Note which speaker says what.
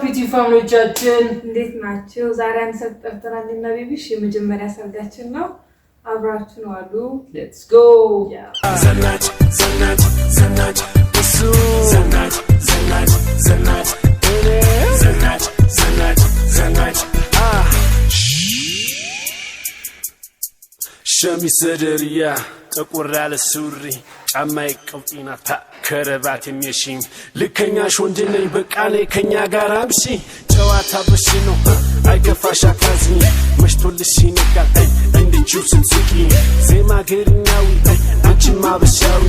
Speaker 1: ፒቲ ፋሚሊዎቻችን
Speaker 2: እንዴት ናቸው? ዛሬ አንድ ሰርግ ጠርተናል እና ቤቢሽ የመጀመሪያ ሰርጋችን ነው። አብራችሁ ነው አሉ
Speaker 1: ሌትስ ጎ
Speaker 3: ሸሚዝ ሰደርያ ጠቆር ያለ ሱሪ ጫማ ቀውጢ ናታ ከረባት የሚሽም ልከኛሽ ወንድ ነኝ በቃ ነይ ከኛ ጋር አምሺ ጨዋታ በሽ ነው አይገፋሽ አታዝኝ መሽቶልሽ ይነጋል እንድንችው ስንስቂ ዜማ ገርኛዊ አንቺ ማበሻዊ